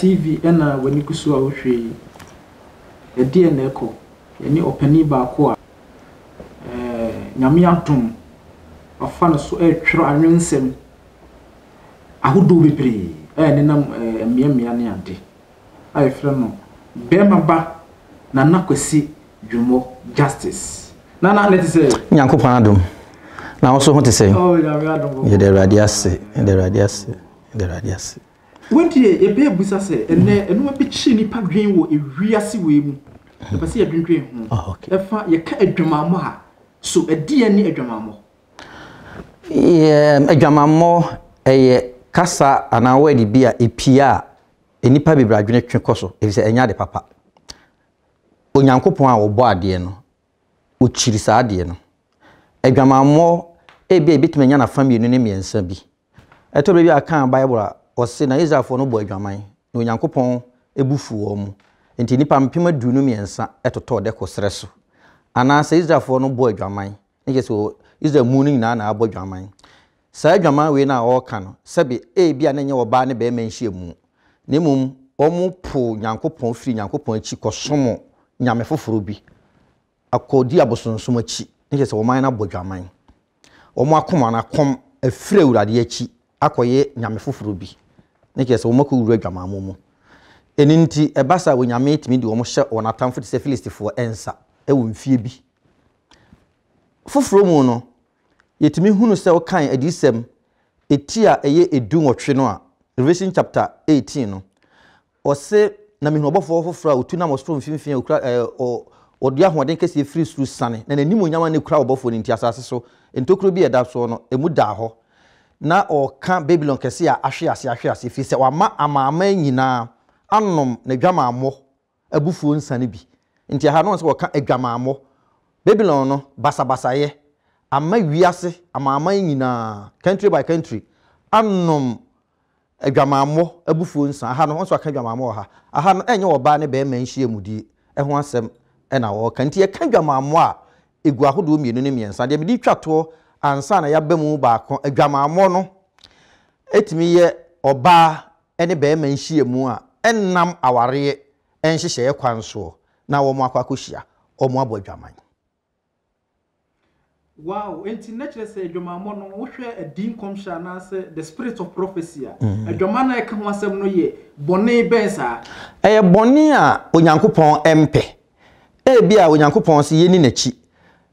tv ɛna w'ani gu so a wohwɛ yi ɛdeɛ na ɛkɔ ɛne ɔpanin baako a nyame atom wafa no so ɛretwerɛ anwensɛm ahodoɔ bebree ɛyɛ nenam mmeammea ne ade a yɛfrɛ no bɛrima ba nana kwasi dwumɔ justice nana ne te sɛ nyankopɔn adom na wo so ho te sɛ yɛde awurade ase yɛde awurade ase yɛde awurade ase wɔnti yɛ ebe ebusa sɛ ɛnɛ ɛnuma bi kyi nipa dwen wɔ ewiase wɔ emu ɛpɛ sɛ yɛdwendwen ho ɛfa yɛka adwamammɔ a so ɛdi yɛ ne adwamammɔ. adwamammɔ ɛyɛ kasa anaa wɔde bi a epia a nipa bebree adwene twe kɔ so efisɛ ɛnyɛ ade papa onyankopɔn a ɔbɔ adeɛ no ɔkyiri saa adeɛ no adwamammɔ ebi a ebitumi anya nafa mmienu ne mmiɛnsa bi ɛtɔ baabi a kan bible a ɔse na israelfoɔ no bɔ adwaman na onyankopɔn bu fu wɔ mu nti nipa mpem aduonu mmiɛnsa ɔdɛ dɛ kɔsrɛ so anaasɛ israelfoɔ no bɔ adwaman ne kyerɛ sɛ israel mu no nyinaa na abɔ adwaman saa adwaman wei no a ɔreka no sɛbe ebi a ne ɔbaa ne bɛrima nhyia mu na mmom wɔn po nyankopɔn firi nyankopɔn akyi kɔsom nyame foforɔ bi akɔdi abosonsom akyi ne kyerɛ sɛ wɔn ayɛ abɔ adwaman wɔn akoma no akɔm afiri awurade akyi akɔyɛ nyame foforɔ bi ne kyerɛ sɛ wɔmakɔwura adwamammo mu ɛno nti ɛba sa onyame tumi de wɔm hyɛ wɔn atamfo te sɛ filistifoɔ ɛnsa ɛwɔ mfie bi foforɔ mu no yɛtumi hunu sɛ wokan adiyisɛm ɛti a ɛyɛ ɛdu nwɔtwe no a revelation chapter eighteen, no ɔse na mehunu ɔbɔfoɔ foforɔ a ɔtu nam ɔsoro mfimfini a ɔkura ɛɛ ɔ ɔde ahoɔden kɛseɛ firi soro sane na n'anim onyama no kura ɔbɔfoɔ no nti asase so ntokuro bi ɛda soɔ no ɛmu daa hɔ na ɔka babylon kese a ahwe ase ahwe ase firi sɛ wama amaaman nyinaa anom na dwamaamɔ abufuo nsa no bi nti aha no sɛ wɔka adwamaamɔ babylon no basabasayɛ ama wiase amaaman nyinaa country by country anom adwamaamɔ abufuo nsa aha no nso aka adwamaamɔ wɔ ha aha no ɛnyɛ ɔbaa ne bɛrima nhyia mu die ɛho asɛm ɛna wɔka nti yɛka adwamaamɔ a egu ahodoɔ mmienu ne mmiɛnsa deɛ mede twa toɔ ansa na yɛaba mu baako adwamammɔ no etimi yɛ ɔbaa ne barima nhyia mu a ɛnam awareɛ nhyehyɛeɛ kwan soɔ na wɔn akɔ akɔhyia wɔn abɔ adwaman. wow nti na kyerɛ sɛ adwamammɔ no wohwɛ adin kɔmhyɛ anaasɛ the spirit of prophecy a mhm. adwama no a ɛka ho asɛm no yɛ bɔne bɛn saa ɛyɛ bɔne a onyankopɔn mpɛ ebi a onyankopɔn sɛ yɛni n'akyi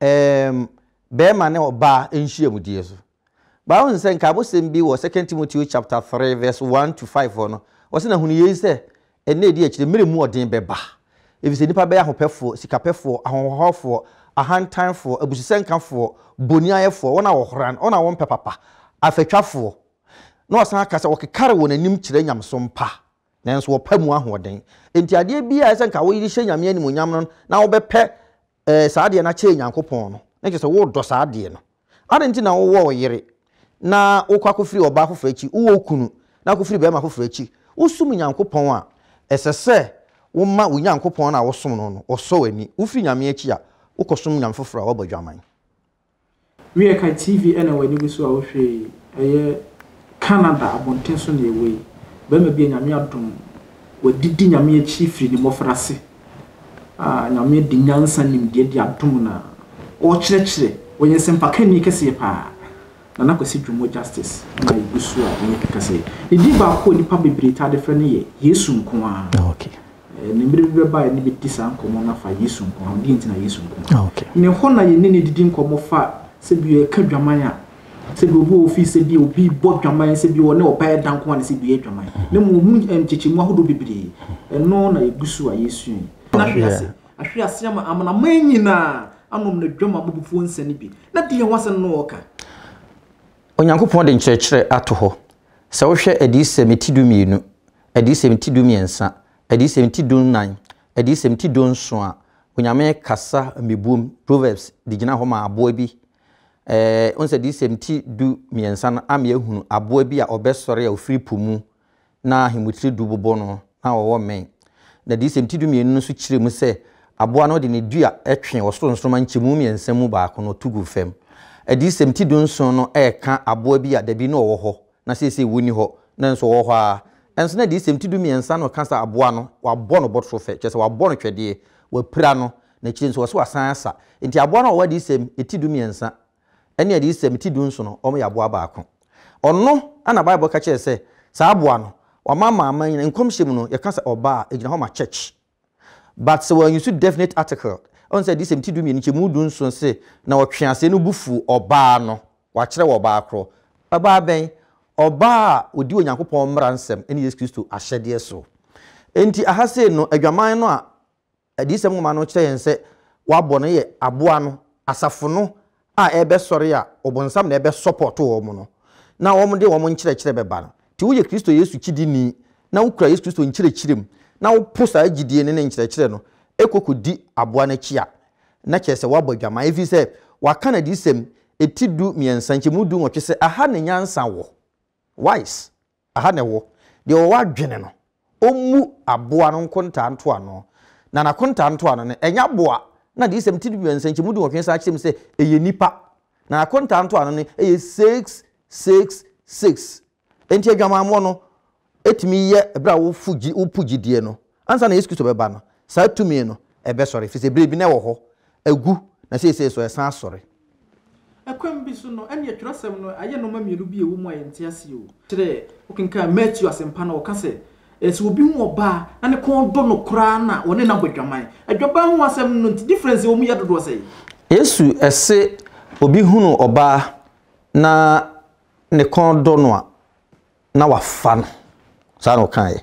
bɛrima ne ɔbaa nhyia mu die so baawo nsɛ nka abosɛm bi wɔ second timothy chapter three verse one to five hɔ no wɔsɛ na yei sɛ ɛnna edi akyire mmerɛ mu ɔden bɛba nipa bɛyɛ ahopɛfoɔ sikapɛfoɔ ahohɔfoɔ ahantanfoɔ abususɛnkafoɔ boniayɛfoɔ wɔn a wɔhora no wɔn a wɔn pɛ papa afɛtwafoɔ na ɔsan aka sɛ wɔkekare wɔn anim kyerɛ nyamso mpa nanso wɔpɛ mu ahoɔden nti adeɛ bi a ɛsɛ nka hyɛ nyame animonyam no na wɔbɛpɛ Eh, saa deɛ no nyankopɔn no na kyerɛ sɛ wodɔ saa deɛ no nti na wowɔ wo na wokɔ akɔfiri ɔbaa foforɔ akyi okunu na akɔfiri bɛrima foforɔ akyi wosum nyankopɔn a ɛsɛ sɛ nyankopɔn a no no ɔsɔ wofiri nyame akyi a nyame foforɔ a dwaman tv ɛna so a yi ɛyɛ so na ɛwɔ yi bɛrima bi a nyame adom wadidi nyame akyi firi ne mmɔfra a ah, nyame de nyansa nimdeɛ de adom no a ɔrekyerɛkyerɛ ɔyɛ nsɛmpakani kɛseɛ paa nana kwasi dwomo justice na ɛgu so a ɛyɛ kɛkɛseɛ ne baako nipa bebree ta de frɛ no yɛ yesu nko eh, a ne mmerɛ bi bɛbaeɛ ne bɛdi saa nkɔmmɔ no afa yesu nko a wodeɛ nti na yesu nko ah, ne hɔ na yɛne ne didi nkɔmmɔ fa sɛ bi ɛka dwaman a sɛbi obi ofi sɛbi obi bɔ dwaman sɛbi wɔ ne ɔbɛyɛ danko a ne sɛbi yɛ dwaman ne mu nkyekyɛmu ahodoɔ bebree ɛno na ɛgu so a yɛsua yi na ahwe ase ahwe ase ama amanaman nyinaa anom ne dwam abobufuo nsɛne bi na deɛ wasɛn no wɔka onyankopɔn de nkyerɛkyerɛ ato hɔ sɛ wohwɛ adiisɛm ti du mmienu adiisɛm ti du mmiɛnsa adiisɛm ti du nnan adiisɛm ti du nson a onyame kasa mmebuom proverbs de gyina hɔ ma aboa bi ɛɛ n sɛ adiisɛm ti du mmiɛnsa no ama ehunu aboa bi a ɔbɛsɔre a ofiri po mu na ahemotiri du bobɔ no na ɔwɔ mmɛn na adiyisɛm ti dumienu no nso kyerɛ mu sɛ aboa no de ne dua ɛtwe ɔsoro nsoroma nkyɛmu mmiɛnsa mu baako no to gu fam adiyisɛm ti dunson no ɛɛka aboa bi a dabi no ɔwɔ hɔ na seesei wɔni hɔ na nso ɔwɔ hɔ ara ɛnso na adiyisɛm ti dumiɛnsa no kasa aboa no wabɔ no bɔtoro fɛ kyerɛ sɛ wabɔ no twɛdeɛ wapira no n'akyiri nso wɔso asan asa nti aboa no a ɔwɔ adiyisɛm eti dumiɛnsa ɛne adiyisɛm ti dunson no ɔmo yɛ aboa baako ɔno ana baibul ka kyerɛ sɛ saa aboa no ɔma maama nyina nkɔmhyɛm no yɛka sɛ ɔba a ɛgyina hɔ ma church but sɛ wɔanyi so definite article ɔn sɛ disɛm ti dumienu kyɛ mu du nson se na ɔtwe ase no bu fu ɔbaa no wakyerɛ wɔ ɔbaa korɔ ɔbaa bɛn ɔbaa a ɔdi onyankopɔn mmara nsɛm ɛne yesu kristo ahyɛdeɛ so nti aha sei no adwaman no a adisɛm nwoma no kyerɛ yɛn sɛ wabɔ no yɛ aboa no asafo no a ɛbɛsɔre a ɔbɔnsam na ɛbɛsɔpɔto wɔn no na wɔn de wɔn nkyerɛkyerɛ bɛba no nti woyɛ kristo yesu kyidi ni na wokura yesu kristo nkyerɛkyerɛ mu na wopo saa gyidie ne ne nkyerɛkyerɛ no ɛkɔkɔ di aboa no akyi a na kyerɛ sɛ woabɔ dwama ɛfiri sɛ waka na adiyisɛm ɛti du mmiɛnsa nkyɛ du nwɔtwe sɛ aha ne nyansa wɔ wise aha ne wɔ deɛ ɔwɔ adwene no ɔmmu aboa no nkontaa ntoano na nakontaa ntoano no ɛnyɛ aboa na adiyisɛm ti du mmiɛnsa nkyɛ du nwɔtwe saa kyerɛ mu sɛ ɛyɛ nipa na nakontaa ntoano no ɛyɛ six six six enti adwamammɔ no ɛtumi yɛ a wopu gyidiɛ no ansa na yesu kristo no tumi no bi na ɛwɔ na so bi so no no bi ase o kyerɛ wokenka matthew asɛmpa no ɔka sɛ ɛsɛ obi hu ɔbaa na ne kɔn no na wɔne no abɔ adwaman adwabaa ho asɛm no nti difference ɛwɔ mu yesu obi hunu na wafa no saa na ɔkaeɛ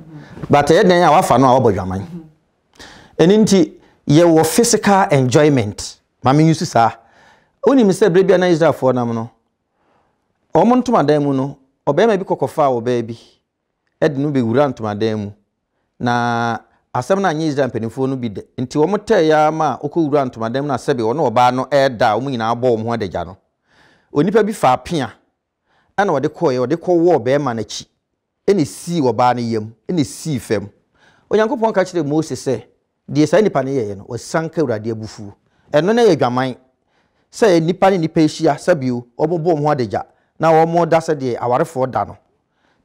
but ɛyɛ den a wafa no a wabɔ dwaman ɛno nti yɛwɔ physical enjoyment maame yi so saa wonim sɛ berɛ a na israelfoɔ nam no ɔmo ntomadan mu no ɔbarima bi kɔkɔfaa ɔbaa bi ɛde no bɛwura ntomadan mu na asɛm no anyɛ israel mpanimfoɔ no bi dɛ nti wɔn ya ama ɔkɔwura ntomadan mu na sɛbi ɔno ɔbaa no ɛɛda a wɔn nyinaa bɔ wɔn ho adagya no onipa bi fa apea ɛna wɔde kɔɔɛ wɔde kɔwɔɔ bɛrima n'akyi ɛna sii ɔbaa no yam Ene si fam onyankopɔn ka kyerɛ mose sɛ Die saa nipa no yɛɛ no wɔsan ka awurade abufuo ɛno no yɛ dwaman sɛ nipa ne nipa ahyia sɛbio ɔbɛbɔ wɔn ho adagya na wɔn da sɛdeɛ awarefoɔ da no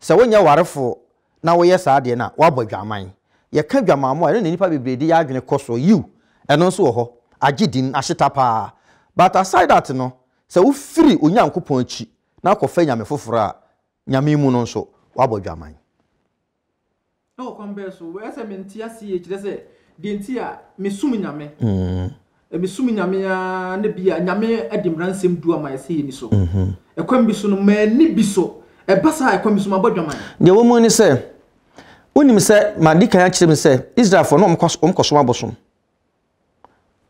sɛ wonyɛ awarefoɔ na wɔyɛ saa deɛ no a wɔabɔ dwaman yɛka dwaman mo a ɛno na nipa bebree di yɛ adwene kɔ so yiw ɛno nso wɔ hɔ agye din paa but aside that no sɛ wofiri onyankopɔn akyi na akɔfɛ nyame foforɔ a nyame mu no nso wabɔ dwaman na wɔkwan bɛɛ so wɔyɛ sɛ mente ase yɛ kyerɛ sɛ deɛ nti a mesum nyame mhm. mesum nyame a ne bi a nyame de mmara nsɛm du ama ɛsɛ yɛni so mhm. ɛkwan bi so no maani bi so ɛba saa ɛkwan bi so mabɔ dwaman deɛ wɔ mu ne sɛ wonim sɛ madi kan akyerɛ me sɛ israelfoɔ na ɔmkɔsom abosom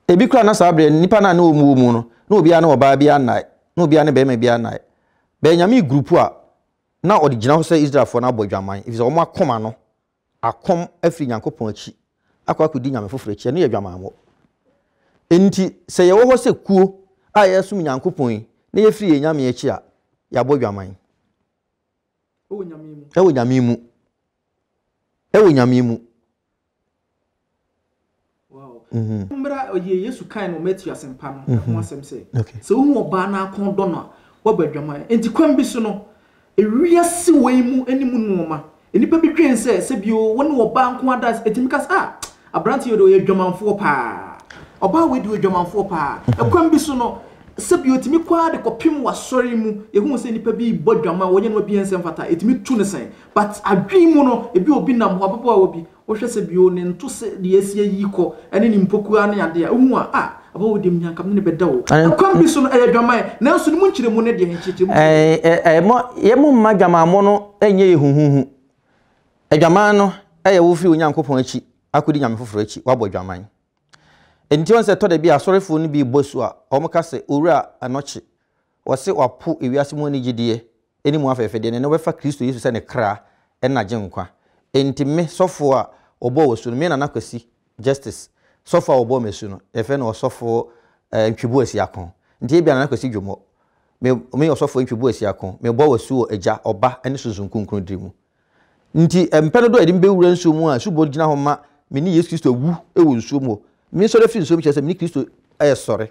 ebi kora na saa berɛ nnipa no a na ɔmuwɔ mu no na obiara ne ɔbaa bi anae na obiara ne bɛrima bi anae benyami nyame gurupu a na ɔde gyina hɔ sɛ israelfoɔ no abɔ adwaman ɛfiri sɛ akoma no akɔm afiri nyankopɔn akyi akɔ akɔdi nyame foforɔ akyi ɛno yɛ nti sɛ yɛwɔ hɔ sɛ kuo a yɛsom nyankopɔn yi na yɛfiri yɛ nyame akyi a yɛabɔ adwaman ɛwɔ nyame mu ɛwɔ nyame mu mhm. yesu kan no asɛmpa no mhm. ho asɛm sɛ sɛ wohu ɔbaa no akɔn dɔ no a wɔbɔ adwaman nti kwan bi so no ewia si wɔn mu anim nneɛma nipa bi twɛn sɛ sɛbi o wɔn wɔbaa nko ada etimi kasa a ah, aberanteɛ de ɔyɛ adwamanfoɔ paa ɔbaa wei de ɔyɛ paa ɛkwan bi so no sɛbi otumi kɔ de kɔpem wasɔre mu ehu sɛ nipa bi bɔ dwama wɔnyɛ no bi nsɛm fata etumi tu ne sɛn but adwin mu no ebi obi nam hɔ ababaawa bi wɔhwɛ sɛbi o ne nto sɛ deɛ esi ayi kɔ ɛne ne mpokua ne adeɛ ehu a ah aba wo dem nyankam ne bɛda wo ɛkwan bi so no ɛyɛ dwaman nanso ne mu nkyerɛmu no deɛ nkyerɛmu ɛyɛ mu mma dwamammɔ no ɛnyɛ yɛ huhuhu adwaman no ɛyɛ wo firi onyankopɔn akyi akɔdi nyame foforɔ akyi woabɔ adwaman ɛnti wɔn sɛ ɛtɔ da bi asɔrefoɔ no bi bɔ so a wɔn ka sɛ owura anɔkye wɔsɛ wapo ewiase mu ani gyedeɛ ɛne mu afɛɛfɛdeɛ no na wɔbɛfa kristo yesu sɛ ne kra ɛna gye nkwa ɛnti me sɔfoɔ a ɔbɔ wɔ so no me nana kwasi justice sɔfo a wɔbɔ mesu no yɛfɛ no ɔsɔfo ɛɛ ntwibu esiako nti ebi anan akɔsi dwomɔ mi me ɔsɔfo ntwibu esiako me bɔ wɔsu wɔ egya ɔba ɛne sunsun kunkun diri mu nti mpɛ dodo a yɛde mbɛwura nsuo mu a subɔ gyina hɔ ma me ne yesu kristo wu ɛwɔ nsuo mu mi nsɔre firi nsuo mu kyerɛ sɛ me ne kristo ɛyɛ sɔre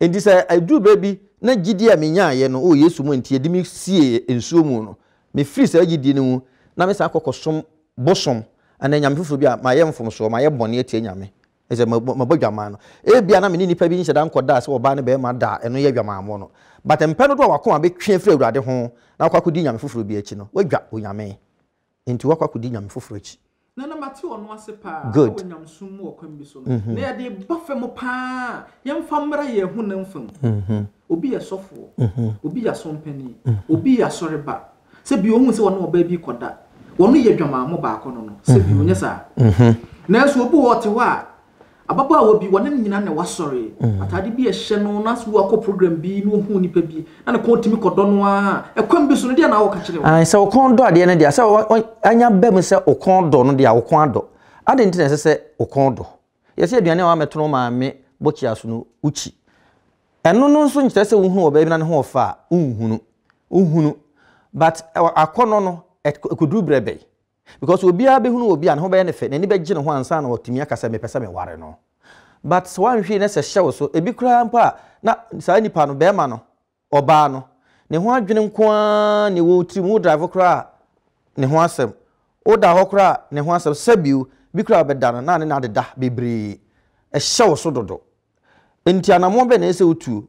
nti sɛ aduru baabi na gyidi a menyaaeɛ no ɔwɔ yesu mu nti yɛde me sie nsuo mu no mefiri saa gyidie no mu na me saa som bosom anaa nyame foforɔ bi a mayɛ mfomsoɔ mayɛ bɔne atia nyame ɛsɛ mabɔ dwamaa no ebia eh, na ni nipa bi nhyɛda nkɔdaa sɛ ɔbaa ne bɛrima da ɛno yɛ dwamaamɔ no but mpɛ no do a wakoma bɛtwe firi awurade ho na wakɔ akɔdi nyame foforɔ bi akyi no wadwa onyame nti wakɔ akɔdi nyame foforɔ akyi na na mate ɔno ase paa good ɔnyam sum mu ɔkwan bi so no mhm. na yɛde ba fam paa yɛmfa mmra yɛn ho na mfam mhm. obi yɛ sɔfoɔ mhm. obi yɛ asɔmpani obi yɛ asɔreba sɛ bi ohun sɛ ɔno ɔbaa bi kɔda ɔno yɛ dwamaamɔ baako no no sɛ bi onyɛ saa nanso obi wɔ ɔte hɔ a ababaawa bi wɔne no nyinaa na wasɔre mm. atade bi ɛhyɛ no na so wakɔ program bi na ohu nipa bi na ne kɔn tumi kɔdɔ no a ɛkwan bi so no deɛ na awɔka kyerɛ wɔn sɛ wɔkɔn dɔ adeɛ no deɛ sɛ anya ba mu sɛ wɔkɔn dɔ no deɛ wɔkɔn adɔ ade nti na ɛsɛ sɛ wɔkɔn dɔ yɛsɛ aduane a wɔamɛto no maame bɔkyia so no wokyi ɛno no nso nkyerɛ sɛ wohunu wɔ baabi na ne ho wɔfa a wohunu wohunu but akɔnɔ no ɛkɔduru berɛ bɛyi because obiara bɛhunu obi a ne ho bɛyɛ ne fɛ n'ani ne ho ansa na ɔtumi akasa mepɛ sɛ meware no but sɛ wanhwee ne sɛ hyɛ wo so ebi na saa nipa no bɛrima no ɔbaa no ne ho adwene nko ne drive ne ho ne ho bi no na ne na adeda bebree ɛhyɛ wo so dodo nti anammɔ na ɛsɛ wotuo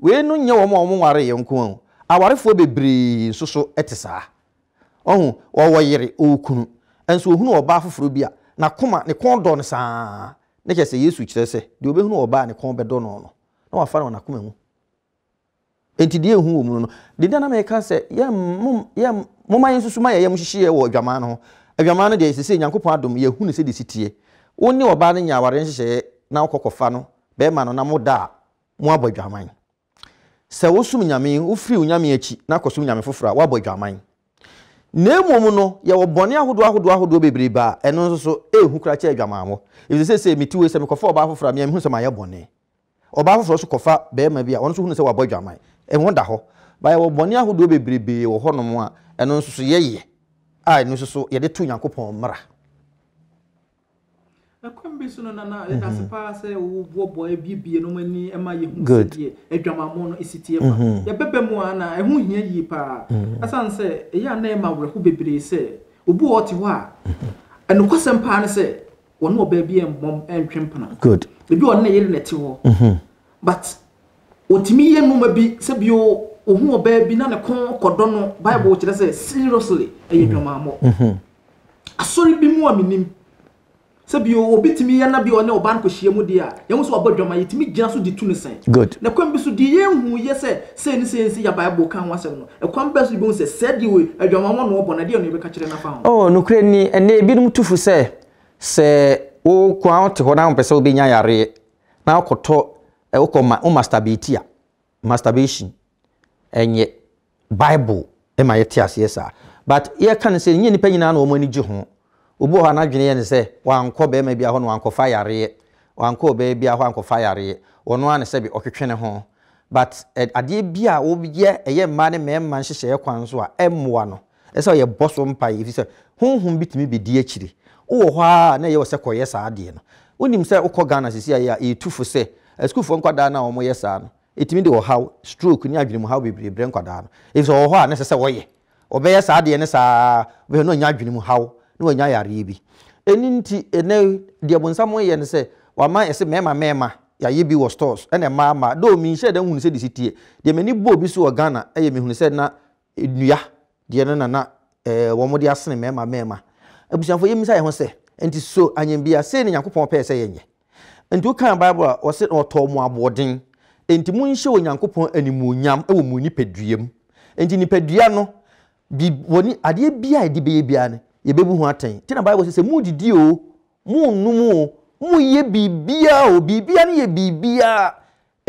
no nso ohunu ɔbaa foforɔ bi a n'akoma ne kɔn dɔ no saa ne kyerɛ sɛ yesu kyerɛ sɛ deɛ obɛhunu ɔbaa ne kɔn bɛdɔ no no na wafa no n'akoma mu nti deɛ ehu wɔ mu no deɛ dan ama yɛka sɛ yɛ mom yɛ moma yɛn nso ma yɛ yɛm hyehyɛ wɔ adwaman no ho adwaman no deɛ sɛ sɛ nyankopɔn adom yɛhu ne sɛ de si tie wɔn ne ɔbaa no nya nhyehyɛ na ɔkɔkɔ fa no bɛrima no na mo da a mo abɔ adwaman sɛ wosum nyame wofiri wo nyame akyi na akɔsum nyame foforɔ a woabɔ adwaman na mmom no yɛwɔ bɔne ahodoɔ ahodoɔ ahodoɔ bebree baa ɛno nso so ɛhu kora kyɛ adwamammɔ ɛfiri sɛ sɛ mete wei sɛ mekɔfa ɔbaa foforɔ a meɛ mehu sɛ mayɛ bɔne ɔbaa foforɔ so kɔfa bɛrima bi a ɔno nso hunu sɛ wabɔ adwaman ɛho da hɔ ba yɛwɔ bɔne ahodoɔ bebrebee wɔ hɔnom a ɛno nso so yɛyɛ a ɛno nso so yɛde to onyankopɔn mmara ɛkwan bi so no nana ɛdase mhm. paa sɛ wɔbɔ ebiebie no ani ma yɛhu sɛdeɛ adwamamɔ no esi tie fa yɛbɛbɛ mu a na ɛho hia yie paa mhm. asan sɛ ɛyɛ anan ɛma awerɛho bebree sɛ obi wɔ ɔte hɔ a mhm. ɛnokwasɛm paa no sɛ wɔne ɔbaa bi ɛmmɔ ɛntwe mpena ebi wɔne ne yere na ɛte hɔ but wɔtumi yɛ nnuma bi sɛbio ohun ɔbaa bi na ne kɔn kɔdɔ no bible kyerɛ sɛ seriously ɛyɛ adwamamɔ asɔre bi mu a menim sɛbi obitumi yɛ na bi ɔne ɔba no kɔhyia mu deɛ a yɛn nso ɔbɔ dwama yɛtumi gyina so de tu ne sɛn good na kwan bi so deɛ yɛnhu yɛ sɛ sɛn ne sɛn si yɛ baibu kan ho asɛm no ɛkwan bɛɛ so bi hu sɛ sɛdeɛ wei adwama wɔn na ɔbɔ na deɛ ɔne bɛka kyerɛ nafa ho. ɔɔ oh, nukuri ni ɛnna ebinom tufu sɛ sɛ wo kwan te hɔ na mpɛ sɛ wobɛnya yareɛ na akɔtɔ ɛwokɔ ma wo masturbate a masturbation ɛnyɛ bible ɛma yɛte aseɛ saa but yɛka no sɛ nyɛ nnipa nyinaa na obi hɔ anadwene yɛ ne sɛ wankɔ bɛrima bi ahɔ na wankɔfa yareɛ wankɔ ɔbaa bi ahɔ ankɔfa yareɛ ɔno ara ne sɛ bi ɔtwetwe ne ho but adeɛ bi a wɔyɛ ɛyɛ mmaa ne mmarima nhyehyɛeɛ kwan so a ɛmmoa no ɛsɛ ɔyɛ bɔ so mpaeɛ ɛfiri sɛ honhom bi tumi bɛdi akyiri wowɔ hɔ a na ɛyɛ wɔ sɛ kɔyɛ saa adeɛ no wonim sɛ wokɔ ghana sisi ayɛ a ɛyɛtufo sɛ asukuufoɔ nkwadaa no a wɔyɛ saa no ɛtumi de ɔhaw stroke ne adwene mu haw bebree brɛ nkwadaa no ɛfiri sɛ ɔwɔ hɔ a na ɛsɛ sɛ wɔyɛ ɔbɛyɛ saa adeɛ ne saa bɛhɛ na ɔnya adwene mu haw na wɔnya yareɛ bi ɛni nti ɛnɛ deɛ bonsam yɛ no sɛ wama ɛsɛ mɛɛma mɛɛma yɛayɛ bi wɔ stores ɛna mmaa mmaa dɔw mi nhyɛ dan hunu sɛ de si tie deɛ mɛ ni bɔɔl bi so wɔ ghana ɛyɛ mɛ hunu sɛ na e, nnua deɛ no nana ɛɛ wɔn de asene mɛɛma mɛɛma abusuafo yɛ misa yɛn ho sɛ nti so anyambia sɛ ne nyankopɔn pɛɛ sɛ yɛnyɛ nti wokan bible a ɔsɛ ɔtɔ mu aboɔden nti monhyɛ onyankopɔn animuonyam wɔ mu nipadua mu nti nipadua no bi wɔni adeɛ bia a yɛde bɛyɛ biara no yɛbɛbu ho atɛn nti na bible sɛ sɛ mudidi o munum o muyɛ biribiaa o biribiaa no yɛ biribiaa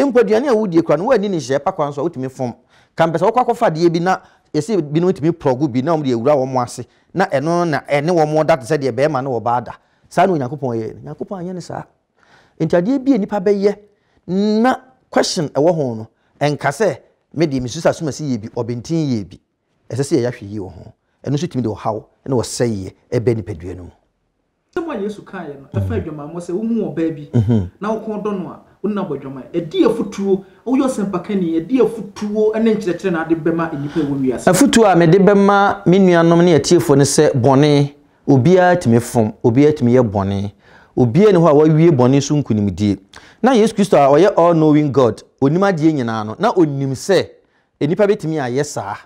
mpo aduane a wodie kora no woani ne hyɛ pa kwan so a wotumi fom ka mpɛ sɛ wokɔ akɔfa adeɛ bi na yɛsɛ binom tumi prɔgo bi na wɔde awura wɔn ase na ɛno na ɛne wɔn da te sɛ deɛ bɛrima ne wɔbaa da saa na onyankopɔn yɛ no onyankopɔn anyɛ ne saa nti adeɛ bi a nipa bɛyɛ na question ɛwɔ ho no ɛnka sɛ me deɛ mesu sa soma si yie bi ɔbɛntin yie bi ɛsɛ sɛ yɛyɛ ahwɛ yie wɔ ho ɛno nso tumi de ɔhaw ɛna ɔsɛeɛ ɛbɛ nipadua no mu sɛm a yesu kaeɛ no ɛfa mhm. adwamammɔ sɛ wohu ɔbaa bi mhm. na wokɔ dɔ no a wonam adwama ɛdi afotuo woyɛ ɔsɛmpakani ɛdi afotuo ne nkyerɛkyerɛ na ade bɛma nnipa ɛwɔ wiase afotuo a mede bɛma me nuanom ne atiefoɔ no sɛ bɔne obiara tumi fom obiara tumi yɛ bɔne obiara ni hɔ a wawie bɔne so nkonimdie na yesu kristo a ɔyɛ all knowing god onim adeɛ nyinaa no na onim sɛ nnipa bɛtumi ayɛ saa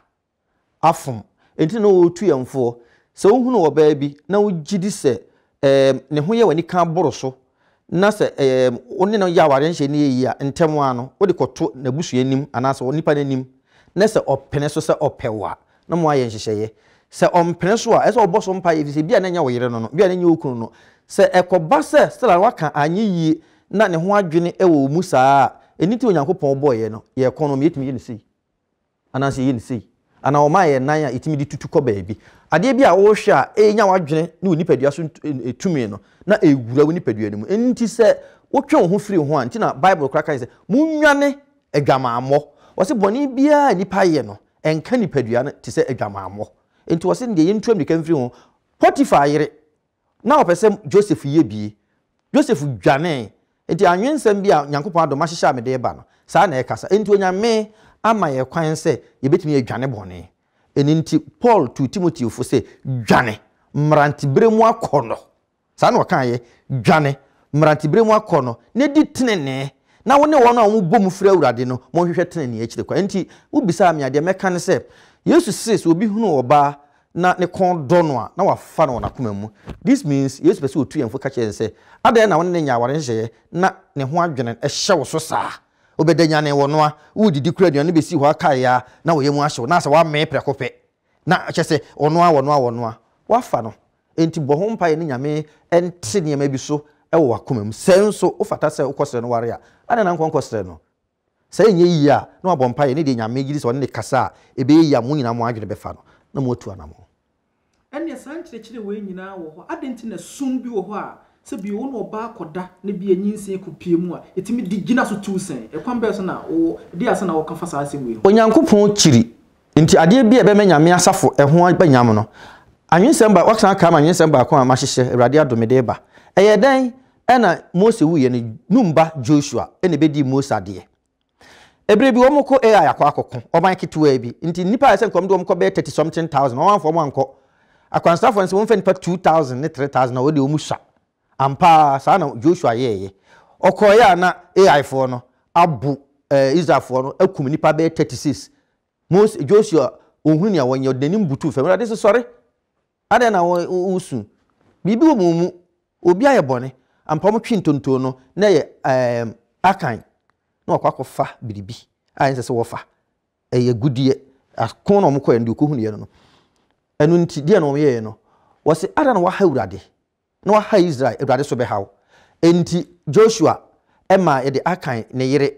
afom nti na wɔretu yɛn foɔ sɛ wohunu wɔ baabi na wogye di sɛ ɛɛm ne ho yɛ w'ani ka boro so na sɛ ɛɛm wone no yɛ aware nhyɛ ne yɛ yia ntɛm a no wode kɔto n'abusua anim anaasɛ wɔ nipa n'anim na sɛ ɔpene so sɛ ɔpɛ wo a na mo ayɛ nhyehyɛeɛ sɛ ɔmpene so a ɛsɛ ɔbɔ so mpa yɛ fi sɛ bi a n'anya no no bi a n'anya wɔ no sɛ ɛkɔba sɛ sila waka anyi yie na ne ho adwene ɛwɔ mu saa ɛni onyankopɔn bɔɔyɛ no yɛ kɔn no yɛtumi yɛ ne sei anaasɛ yɛ ne sei Ana ɔma yɛ nan a ɛtumi de tutu kɔ baabi adeɛ bi a wɔrehwɛ a ɛnya w'adwene ne wo nipadua so eh, eh, tumi no na ɛwura wo nipadua no mu ɛnti sɛ wotwe wo ho firi ho a nti na bible kora ka sɛ monwane adwamammɔ wɔse bɔne biara nipa yɛ no ɛnka nipadua no te sɛ adwamammɔ nti wɔse deɛ yɛntua mirika mfiri ho potifa yere na ɔpɛ sɛ joseph yɛ bie joseph dwanee nti anwensɛm bi a nyankopɔn adɔm ahyehyɛ a mede no saa na ɛkasa nti onyame ama yɛ kwan sɛ yɛbɛtumi bɔne nti paul sɛ dwane mmerantebere mu akɔ no saa na dwane mmerantebere mu akɔ no na di tenenee na wɔn a wɔbɔ mu firi awurade no wɔnhwehwɛ tenenee akyire kwa nti wobisaa me adeɛ mɛka ne sɛ yesu sese sɛ obi hunu ɔbaa na ne kɔn dɔ no a na wafa no wɔ n'akoma mu this means yesu pɛ sɛ otu yɛn fo ka kyerɛ sɛ adɛn na ne na ne ho adwene wobɛdanya ne wɔ no a wodidi kura aduane bɛsi hɔ akaeɛ na wɔyɛ mu ahyew na sɛ woamee prɛko pɛ na kyɛ sɛ ɔno a wɔno a wɔno a woafa no enti bɔ ho mpaeɛ ne nyame nte nneɛma bi so wɔ wakoma mu sɛ nso wofata sɛ wokɔserɛ no ware a ane na nkɔnkɔserɛ no sɛ ɛnyɛ yie a na wabɔ mpaeɛ ne deɛ nyame gyiri sɛ ɔne ne kasa a ɛbɛyɛ yie a mo nyinaa mo adwene bɛfa no na moatu anammɔ ɛneɛ saa nkyerɛkyerɛ wei nyinaa wɔ hɔ adɛn nti na sum bi wɔ hɔ a sɛ bi wo na ɔbaa kɔda ne bi anyinsin kɔpie mu a ɛtumi di gyina so tu sɛn ɛkwan bɛɛ so na wɔ de ase na wɔka fa saa asɛm wei onyankopɔn kyiri nti adeɛ bi a ɛbɛma nyame asafo ɛho bɛnyam no anwensɛm ba wakena kaa ma anwensɛm baako a mahyehyɛ awurade adomede ba ɛyɛ dɛn ɛna mose wuyɛ no numba joshua ɛna ɛbɛdii mose adeɛ ebire bi wɔn kɔ ai akɔ akɔko ɔman ketewa bi nti nipa a ɛsɛ nkɔm de wɔn kɔ bɛyɛ thirty something thousand wɔn anfɔ wɔn ankɔ akwansafo nso wɔn fɛ nipa two thousand ne three thousand na wɔde wɔn sa Ampa saa na joshua yɛɛyɛ ɔkɔɔyɛ a na ai foɔ no abo eh, israelfoɔ no akum nipa bɛyɛ 36 mos joshua ɔhunu nea wɔnyɛ ɔdanim butu fam ade sɛ sɔre Ada na wosu biribi wɔ mu mu obi ayɛ bɔne ampa motwe ntonto no na ɛyɛ eh, akan na wɔkɔ akɔfa biribi a ɛnsɛ sɛ wɔfa ɛyɛ gudeɛ ako na ɔmokɔɛ no deɛ ɔkɔhunuɛ no no ɛno nti deɛ na ɔmyɛɛ no wɔsɛ ada na waha awurade na waha israel awurade so bɛhaw enti joshua ɛma yɛde akan ne yere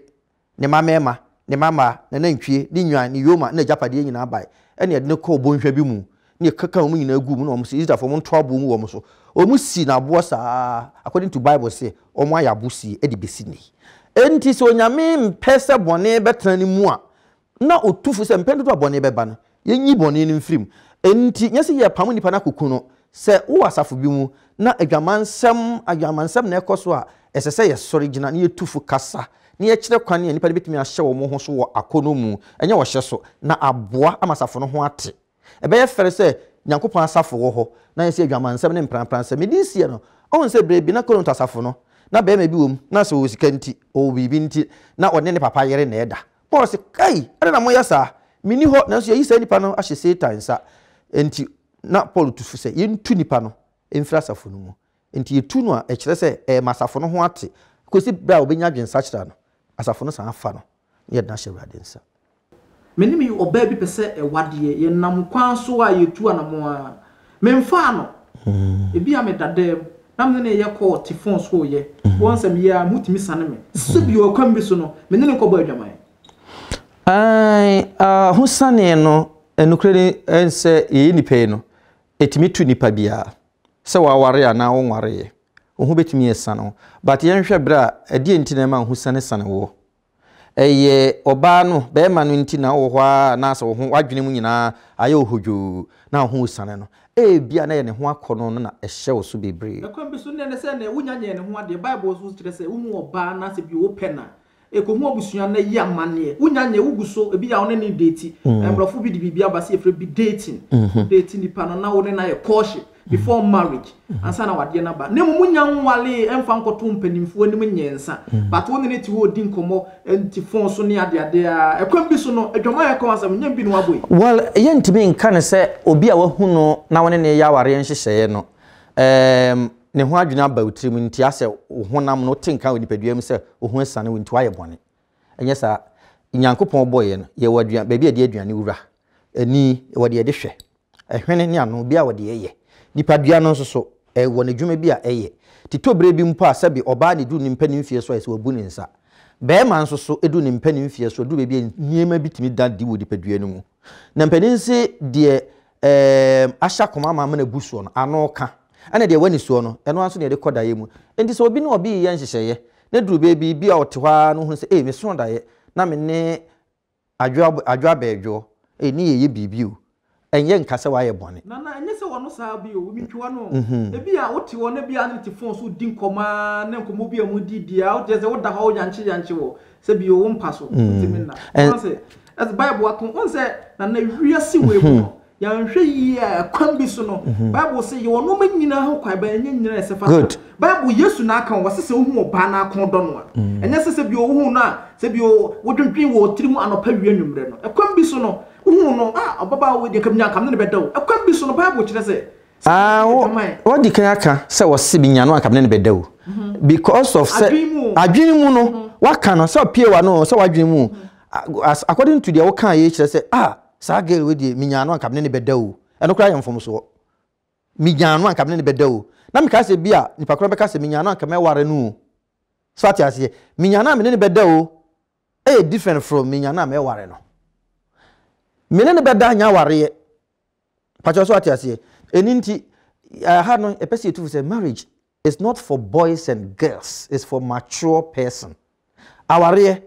ne mamɛɛma ne mama ne nantwie ne nwan ne yoma ne agyapadeɛ nyinaa bae ɛne yɛde no kɔɔ bɔnhwa bi mu ne yɛkeka wɔn nyinaa gu mu na wɔn si israelfoɔ wɔn to aboɔ mu wɔn so wɔn si n'aboɔ saa according to bible sɛ wɔn ayɛ abo si de besi ne enti sɛ onyame mpɛ sɛ bɔne bɛtena ne mu a na otu fo sɛ mpɛn dodo a bɔne bɛba no yɛnyi bɔne no mfirim enti nyɛ sɛ yɛpam nipa no no sɛ wowɔ asafo bi mu na adwamansɛm adwamansɛm na ɛkɔ so a ɛsɛ sɛ yɛsɔre gyina na yɛtu fo kasa na yɛkyerɛ kwan a nnipa no bɛtumi ahyɛ wɔn ho so wɔ akɔnɔ mu ɛnyɛ wɔhyɛ so na aboa ama asafo no ho ate ɛbɛyɛ fɛrɛ sɛ nyankopɔn asafo wɔ hɔ na yɛsɛ adwamansɛm ne mprapransɛm mede nsiɛ no ɔhu sɛ berɛ na kɔnɔ asafo no na bɛrima bi wɔ na sɛ ɔwɔ sika nti ɔwɔ biribi nti na ɔne ne papa yere na ɛda bɔɔse kai ɛde na moyɛ saa menni hɔ nanso yɛyi saa nnipa no ahyɛ setan nsa nti na paul tusu sɛ yɛntu nipa no mfiri asafo no mu nti yɛtu no a ɛkyerɛ sɛ ɛyɛ ma asafo no ho ate kɔsi berɛ a wɔbɛnya adwensa kyerɛ no asafo no san afa no na yɛde no ahyɛ awurade nsa menim yi ɔbaa bi pɛ sɛ ɛwadeɛ yɛnam kwan so a yɛtu anamo a memfaa no hmm. ebi a medada mu na mene ne yɛ kɔɔ te fon so yɛ hmm. wɔn sɛm yɛ a mutumi sane me sɛ bi ɔkwan bi so no mene ne nkɔbɔ adwaman ai ahosane no ɛnokorɛ ne ɛnsɛ yɛyɛ nipa yi no ɛtumi tu nipa biara sɛ waware anaa wonwareɛ wo ho bɛtumi ɛsane wo but yɛnhwɛ berɛ a ɛdeɛ nti na ɛma wo sane sane woɔ ɛyɛ ɔbaa no bɛrima no nti na wowɔ hɔ a anaasɛ wo wadwene mu nyinaa ayɛ wo na wo sane no ebia na yɛ ne ho akɔ no na ɛhyɛ wo so bebree ɛkwan bi so nnɛ ne sɛ ne wonya ne ho adeɛ bible so kyerɛ sɛ wohu ɔbaa na sɛ bi wopɛ na ekohu abusua na yi amanneɛ wonya nyɛ wogu so ebi a ɔne ne deeti mmorɔfo eh, bi de bi aba se efre bi dating mm-hmm. dating ni no na one na yɛ kɔɔhye before marriage ansa na wadeɛ naba ne mu munya nwale ɛmfa nkɔto mpanimfoɔ anim nyɛnsa but wo ne ne te hɔ ɔdi nkɔmmɔ nti fon so ne adeade a ɛkwan bi so no adwama yɛ kɔ asɛm nyɛ bi no wabɔ yi well yɛntumi nka ne sɛ obi a wahu na one ne ne yɛ awareɛ no um, ne ho adwene aba wotiri mu nti asɛ wo honam no wote nka wɔ nipadua mu sɛ wo ho asane wo nti woayɛ bɔne ɛnyɛ saa nyankopɔn bɔeɛ no yɛwɔ aduan baabi a yɛde aduane wura ani wɔde yɛde hwɛ ɛhwene ne ano bi a wɔde yɛyɛ nipadua no nso so ɛwɔ ne dwuma bi a ɛyɛ tito bere bi mpo a sɛbi ɔbaa ne du ne mpa ne mfie so a ɛsɛ wabu ne nsa bɛrima nso so du ne mpa ne mfie so du baabi a nneɛma bi tumi da di wɔ nipadua no mu na mpanin deɛ ɛɛ ahyɛ akoma ama ama bu soɔ no ano ka ɛna deɛ wani soɔ no ɛno nso na yɛde kɔ daeɛ mu nti sɛ obi ne ɔbi yɛ nhyehyɛeɛ ne duru beebi bi a ɔte hɔ a no hunu sɛ ee eh, mesono daeɛ na me ne adwo adwo abɛɛdwoɔ ee eh, ne yɛ yɛ biribi o ɛnyɛ nka sɛ wayɛ bɔne. nana ɛnyɛ sɛ wɔn saa bi o omi twi wɔn o mhm. ebi a wote wɔn ebi a ne te fon so di nkɔmɔ ne nkɔmɔ bi a mo di di a wote sɛ woda hɔ o yankye yankye wɔ sɛ bi o wo mpa so. Mhm. ɛn ɛsɛ baibu ato n sɛ nana ewia si wɔ ebu no. yɛnhwɛ yie kwan bi so no mhm. bible sɛ yɛwɔ nneɛma nyinaa ho kwan bɛyɛ nyinaa ɛsɛ fa so bible yesu n'aka wɔ sɛ sɛ wohu ɔbaa n'ako dɔ no a mhm. bi wohu no a sɛ bi wodwendwen wɔ tiri mu anɔpa wie nwummerɛ no ɛkwan bi so no wohu no a ɔbabaa wo deɛ kam nyankam ne ne bɛda wo ɛkwan bi so no bible kyerɛ sɛ ah, wɔdi kan aka sɛ wɔse bi nyano ankam ne ne bɛda wo mhm. because of sɛ adwene mu no waka no sɛ ɔpie wa no sɛ wadwene mu according to deɛ wokaa yɛ kyerɛ sɛ ah saa girl wei deɛ menyaa no anka mene ne bɛda o ɛno koraa yɛ mfomsoɔ menyaa no anka mene ne bɛda o na meka sɛ bi a nipa korɔ bɛka sɛ menyaa no anka mɛware no o so ate aseɛ menyaa no a mene ne bɛda o ɛyɛ different from menyaa no a mɛware no mene ne bɛda nyɛ awareɛ patwɛ so ate aseɛ ɛni nti eh, ha no ɛpɛ sɛ yɛtufu sɛ marriage is not for boys and girls it's for mature person awareɛ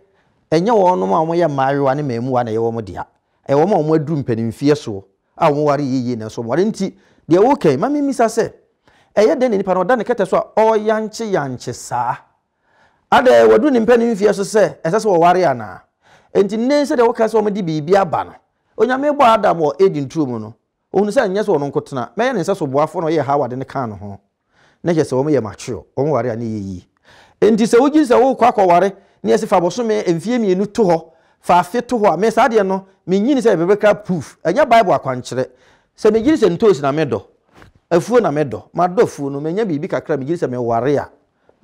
ɛnyɛ wɔnom a wɔyɛ mmaayewa ne mmaamuwa na ɛyɛ wɔn dea ɛwɔ a wɔn aduru mpanimfie soɔ a wɔn yie na nti deɛ wɔkɛn maame misa ɛyɛ den ne nipa no ɔda ne so a yankye saa ada ne mpanimfie so sɛ ɛsɛ anaa nti nne sɛ deɛ wɔka sɛ wɔn de biribi aba no onyame bɔ adam wɔ edi nturo mu no ohun sɛ nyɛ sɛ tena mɛyɛ ne nsa so boafo na ɔyɛ ne kan no ho ne kyɛ sɛ wɔn yɛ wɔn a yɛ yie nti sɛ wogyi sɛ akɔware ne yɛ sɛ fa bɔsɔmɛ mfie mmienu to hɔ faafe to hɔ a me saa deɛ no menyini sɛ bɛbɛka proof ɛnyɛ bible akwankyerɛ sɛ megyini sɛ ntoos na medɔ afuo na medɔ madɔ afuo no menya biribi kakra megyini sɛ meware a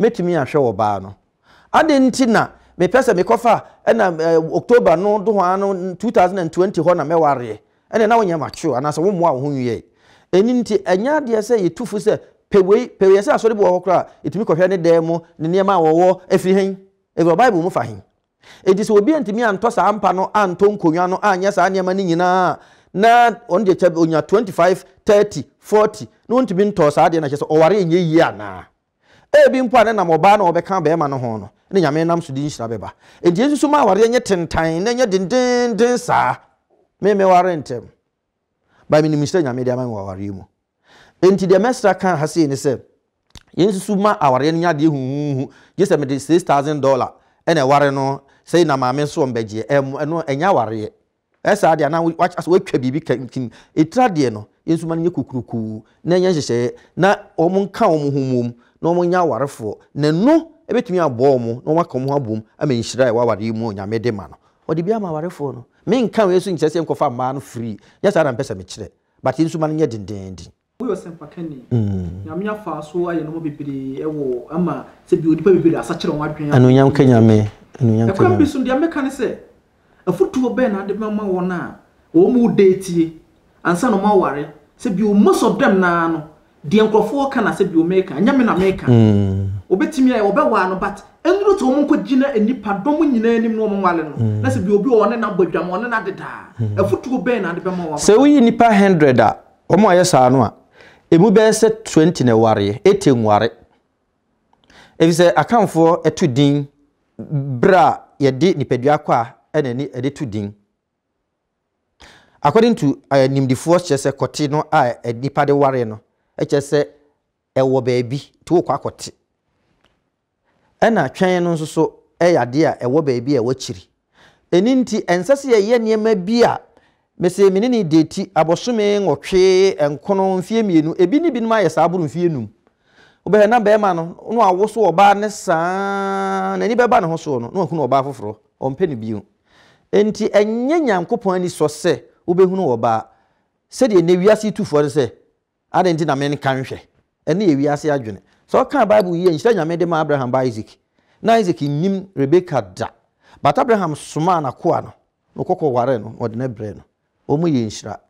mɛtumi ahwɛ wɔ baa no nti na mepɛ sɛ mekɔfa ɛna eh, october no do hɔ no 2020 hɔ na mɛwareɛ na wonyɛ anaasɛ wo ho ɛni nti ɛnyɛ adeɛ sɛ yɛtufo sɛ sɛ asɔre bi wɔ hɔ koraa ɛtumi kɔhwɛ ne mu ne nneɛma a wɔwɔ s hɛn ɛwurɔ bible mu fa hen ɛti sɛ obi antumi antɔ saa mpa no antɔ nkonnwa no anyɛ saa nneɛma no nyinaa na ɔno deɛ kyɛ onya 25 30 40 na ɔntumi ntɔ saa deɛ na kyɛ sɛ ɔware ɛnyɛ yie anaa ebi mpo a ne nam ɔbaa na ɔbɛka bɛrima no ho no ne nyame nam so de nhyira bɛba enti yɛn nso ma awareɛ nyɛ tentan na nyɛ dendenden saa mmɛmɛ ware ntɛm baa mi nim sɛ nyame deɛ ama mi wɔ awareɛ mu enti deɛ mɛsra kan ha sei ne sɛ yɛn nso ma awareɛ no nyɛ adeɛ huhuhu gye sɛ mede six thousand dollar ɛna ɛware no sei na maame nso ɔmbɛgyeɛ ɛno ɛnyɛ awareɛ ɛsaa deɛ anaa wɔasɛ wɔatwa biribi kankin ɛtira deɛ no yɛnsoma no yɛ kukurukuu na ɛnyɛ nhyehyɛeɛ na wɔn nka wɔn ho mom na wɔn nyɛ awarefoɔ na no ɛbɛtumi aboa wɔn na wɔn aka wɔn ho abom ama nhyira ɛwɔ awareɛ yi mu onyame de ma no wɔde bi ama awarefoɔ no me nka wɔn nso nkyɛ sɛ nkɔfa mmaa no firi nyɛ saa na mpɛ sɛ mekyerɛ but yɛnsoma no nyɛ dendenden woyɛ ɔsɛmpakani mm. nyame afa so ayɛ nɔma bebree ɛwɔ ama sɛ bi onipa bebree asakyerɛ wɔn adwene anonyam ka nyame ɛkwan bi so deɛ mɛka ne sɛ afotuo bɛn na ade bɛma wɔn a wɔn mu deetie ansa na wɔn sɛ bi o most of them naa no deɛ nkurɔfoɔ ka na sɛ bi o mɛka nyɛ mi na mɛka mm. obetumi a ɔbɛwaa no but ɛnuru te wɔn nkɔ gyina nipa dɔm nyinaa anim na wɔn wale no mm. na sɛ bi obi wɔ ne na bɔ dwam ɔne na dedaa mm. afotuo bɛn na ade bɛma wɔn. sɛ woyi nipa hundred a wɔn a yɛ saa no a emu bɛyɛ sɛ twenty na ɛwareɛ eighty nware ebi sɛ akanfoɔ ɛto din berɛ a yɛde nipadua kɔ a ɛna ani ɛde to din according to uh, nimdifoɔ kyerɛ sɛ kɔte no a uh, nipa de ware no kyerɛ sɛ ɛwɔ baabi nti wokɔ akɔte ɛna twɛn no nso so ɛyɛ adeɛ a ɛwɔ baabi a ɛwɔ akyiri ɛni nti ɛnsɛ sɛ yɛyɛ nneɛma bi a mɛsɛ mene ne deeti abɔsome nwɔtwe nkono mfeɛ mmienu ebi ne binom ayɛ saa aboro mfeɛ num wobɛhɛ na bɛrima no na wawo so ɔbaa ne saa n'ani bɛba ne ho so no na wahunu ɔbaa foforɔ ɔmpɛ no bio nti ɛnyɛ nyankopɔn ani sɔ sɛ wobɛhunu ɔbaa sɛdeɛ na wiase tufoɔ no sɛ ade nti na menka nhwɛ ɛne yɛ wiase adwene sɛ ɔka bible yie nhyira nyame de ma abraham ba isaac na isaac nim rebeka da bata abraham somaa n'akoa no na ɔkɔkɔ ware no ɔde ne brɛ no ɔmu yɛ nhyira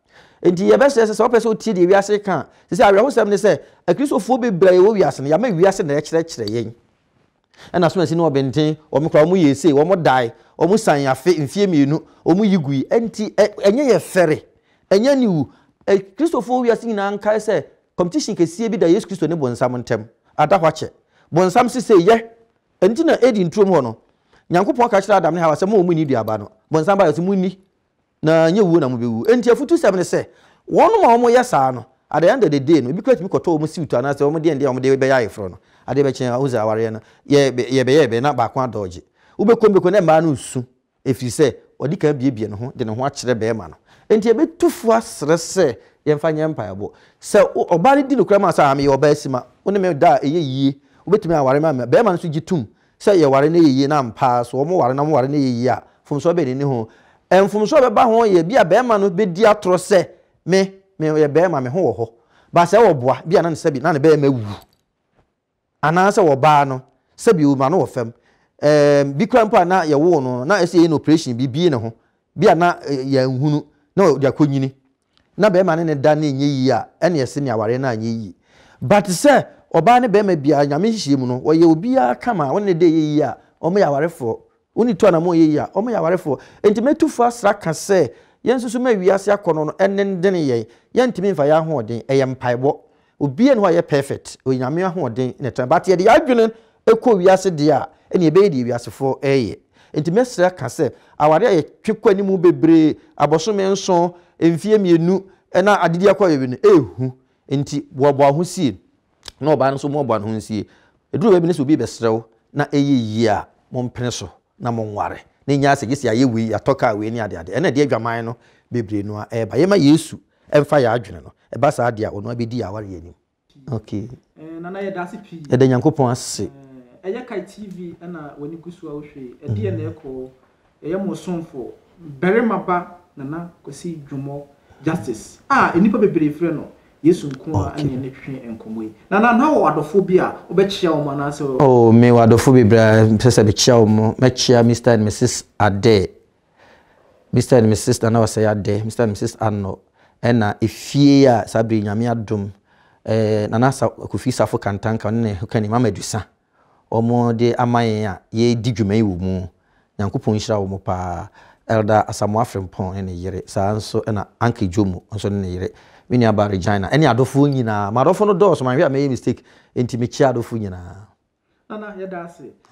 nti yɛbɛsɛ sɛ sɛ wopɛ sɛ wotie deɛ wiase ka sɛ sɛ awerɛhosɛm ne sɛ akristofoɔ bebree wɔ wiase no yɛama wiase na ɛkyerɛkyerɛ yɛn ɛna so asi ne ɔbɛnten wɔn kora wɔn yɛse wɔn dae wɔn san afe mfie mmienu wɔn yi gui nti ɛnyɛ yɛ fɛre ɛnyɛ ne wu akristofoɔ wiase nyinaa nkae sɛ competition kɛseɛ bi da yesu kristo ne bɔnsam ntɛm ada hɔ akyɛ bɔnsam sise yɛ nti na edi nturom hɔ no nyankopɔn ka kyerɛ adam ne hawa sɛ mo wɔn mu ni duaba no bɔnsam ba yɛ sɛ mo ni na nyɛ wuo na mo bɛwu enti afutu sɛm ne sɛ wɔn ma wɔn yɛ saa no at the end of the day no obi kura tumi kɔtɔ wɔn siwutu anaasɛ wɔn deɛ deɛ wɔn de bɛyɛ ayɛforɔ no adeɛ bɛkyɛn ahosuo awareɛ no yɛ bɛyɛ bɛyɛ na baako adɔɔgye wobɛkɔ mbɛkɔ na mmaa no nsu efiri sɛ ɔde kan biebie ne ho de ne ho akyerɛ bɛrima no enti ɛbɛtu fo asrɛ sɛ yɛmfa nyɛ mpaeɛbɔ sɛ ɔbaa no di no kura mu asɛ ameyɛ si ma wɔn mɛ da ɛyɛ yie wobɛtumi aware ma yɛ yie na mpaa so wɔn ware na wɔn ware no mfomso a bɛba ho yɛ bi a bɛrima no bɛdi atorɔ sɛ me me yɛ bɛrima me ho wɔ hɔ baasa wɔ boa bi na ne sɛbi nane bɛrima wu anaasɛ wɔ baa no sɛbi wuma no wɔ fam ɛɛm bi kura mpo a na yɛwo no na ɛsɛ yɛ no operation bi bie ne ho bi a na e, yɛn nhunu na ɔde akɔ nyini na bɛrima ne ne da ne nye yie a ɛna yɛsɛ ne aware na nye yie but sɛ ɔbaa ne bɛrima bi a nyame nhyiamu no wɔyɛ obiara kama wɔn ne de yɛ yie a wɔn yɛ awarefoɔ woni to anamo yɛ yia ɔmo yɛ awarefoɔ nti mɛtufoɔ asra ka sɛ yɛn nso so mɛ wiase akɔnɔ no ɛnendene yɛn yɛntumi nfa yɛ ahoɔden ɛyɛ mpaebɔ obiara no a perfect onyame ahoɔden ne tɛn but yɛde yɛadwene ɛkɔ wiase deɛ a ɛna ɛbɛyɛ deɛ wiasefoɔ ɛɛyɛ nti mɛsra ka sɛ aware a yɛtwe kɔ anim bebree abɔsome nson mfie mmienu ɛna adidi akɔ yɛ bi no ɛɛhu nti wɔbɔ ho sie na ɔbaa no nso mo ɔbɔ ne ho nsie na ɛyɛ yie a na mo nware ne nya sɛ gyesi ayɛ wei yɛatɔ kaa wei ne adeade ɛna deɛ adwaman no bebree no a ɛreba yɛma yesu ɛmfa yɛ adwene no ɛba saa deɛ a ɔno abɛdi yɛ aware na ok eh, nana yɛda ase pii yɛda nyankopɔn ase eh, ɛyɛ kai tv ɛna w'ani gu so a wohwee ɛdeɛ na ɛkɔ ɛyɛ mo somfoɔ barima ba nana kɔsi dwumɔ justice ah nnipa bebree frɛ no yesu nko a ne ne twe yi na na na wɔ adɔfo bi a wɔbɛkyia wɔn anaasɛ. o mi wɔ oh, bebree mpɛ sɛ bɛkyia wɔn mɛkyia mr and mrs ade mr and mrs nana wɔsɛ ade mr and mrs ano ɛna efie a saa nyame adum ɛɛ eh, nana kofi safo kantanka ɔne ne hoka mama adusa wɔn de ama yɛn a yɛdi dwuma yi wɔ mu nyankopɔn nhyira wɔn paa elda asamoah frimpong ne ne yere saa nso ɛna anke jomo nso ne ne yere me nua ba regina ɛne adɔfoɔ nyinaa ma adɔfoɔ no dɔɔso mahwɛ a mɛyɛ mistake enti mekyi adɔfoɔ nyinaa nana yɛda ase